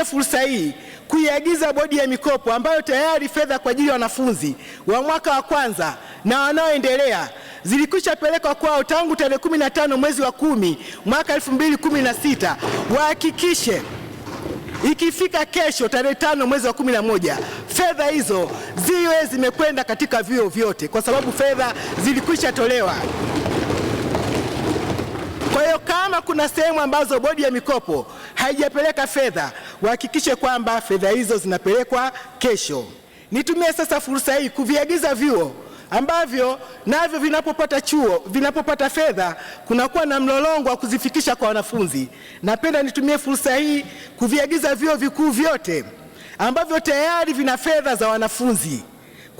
nitumie fursa hii kuiagiza bodi ya mikopo ambayo tayari fedha kwa ajili ya wanafunzi wa mwaka wa kwanza na wanaoendelea pelekwa kwao tangu tarehe 15 mwezi wa kumi mwaka 2016 wahakikishe ikifika kesho tarehe tano mwezi wa kumi na moja fedha hizo ziwe zimekwenda katika vyuo vyote, kwa sababu fedha zilikwisha tolewa. Kwa hiyo kama kuna sehemu ambazo bodi ya mikopo haijapeleka fedha wahakikishe kwamba fedha hizo zinapelekwa kesho. Nitumie sasa fursa hii kuviagiza vyuo ambavyo navyo vinapopata chuo vinapopata fedha kunakuwa na mlolongo wa kuzifikisha kwa wanafunzi. Napenda nitumie fursa hii kuviagiza vyuo vikuu vyote ambavyo tayari vina fedha za wanafunzi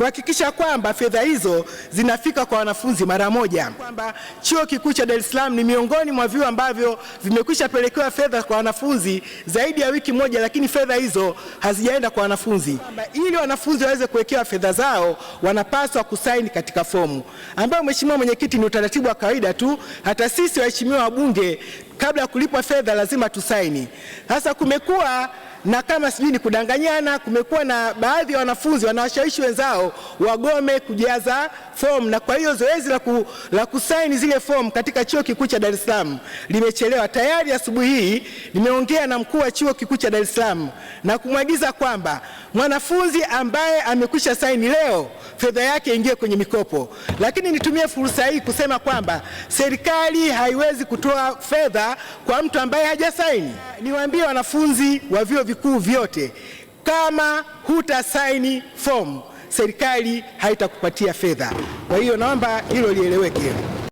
kuhakikisha kwamba fedha hizo zinafika kwa wanafunzi mara moja, kwamba Chuo Kikuu cha Dar es Salaam ni miongoni mwa vyuo ambavyo vimekwisha pelekewa fedha kwa wanafunzi zaidi ya wiki moja, lakini fedha hizo hazijaenda kwa wanafunzi. Ili wanafunzi waweze kuwekewa fedha zao, wanapaswa kusaini katika fomu ambayo, Mheshimiwa Mwenyekiti, ni utaratibu wa kawaida tu. Hata sisi waheshimiwa wabunge kabla ya kulipwa fedha lazima tusaini. Sasa kumekuwa na kama sijui ni kudanganyana, kumekuwa na baadhi ya wanafunzi wanawashawishi wenzao wagome kujaza fomu, na kwa hiyo zoezi la, ku, la kusaini zile fomu katika chuo kikuu cha Dar es Salaam limechelewa. Tayari asubuhi hii nimeongea na mkuu wa chuo kikuu cha Dar es Salaam na kumwagiza kwamba mwanafunzi ambaye amekwisha saini leo fedha yake ingie kwenye mikopo. Lakini nitumie fursa hii kusema kwamba serikali haiwezi kutoa fedha kwa mtu ambaye hajasaini niwaambie wanafunzi wa vyuo vikuu vyote, kama hutasaini fomu serikali haitakupatia fedha. Kwa hiyo naomba hilo lieleweke.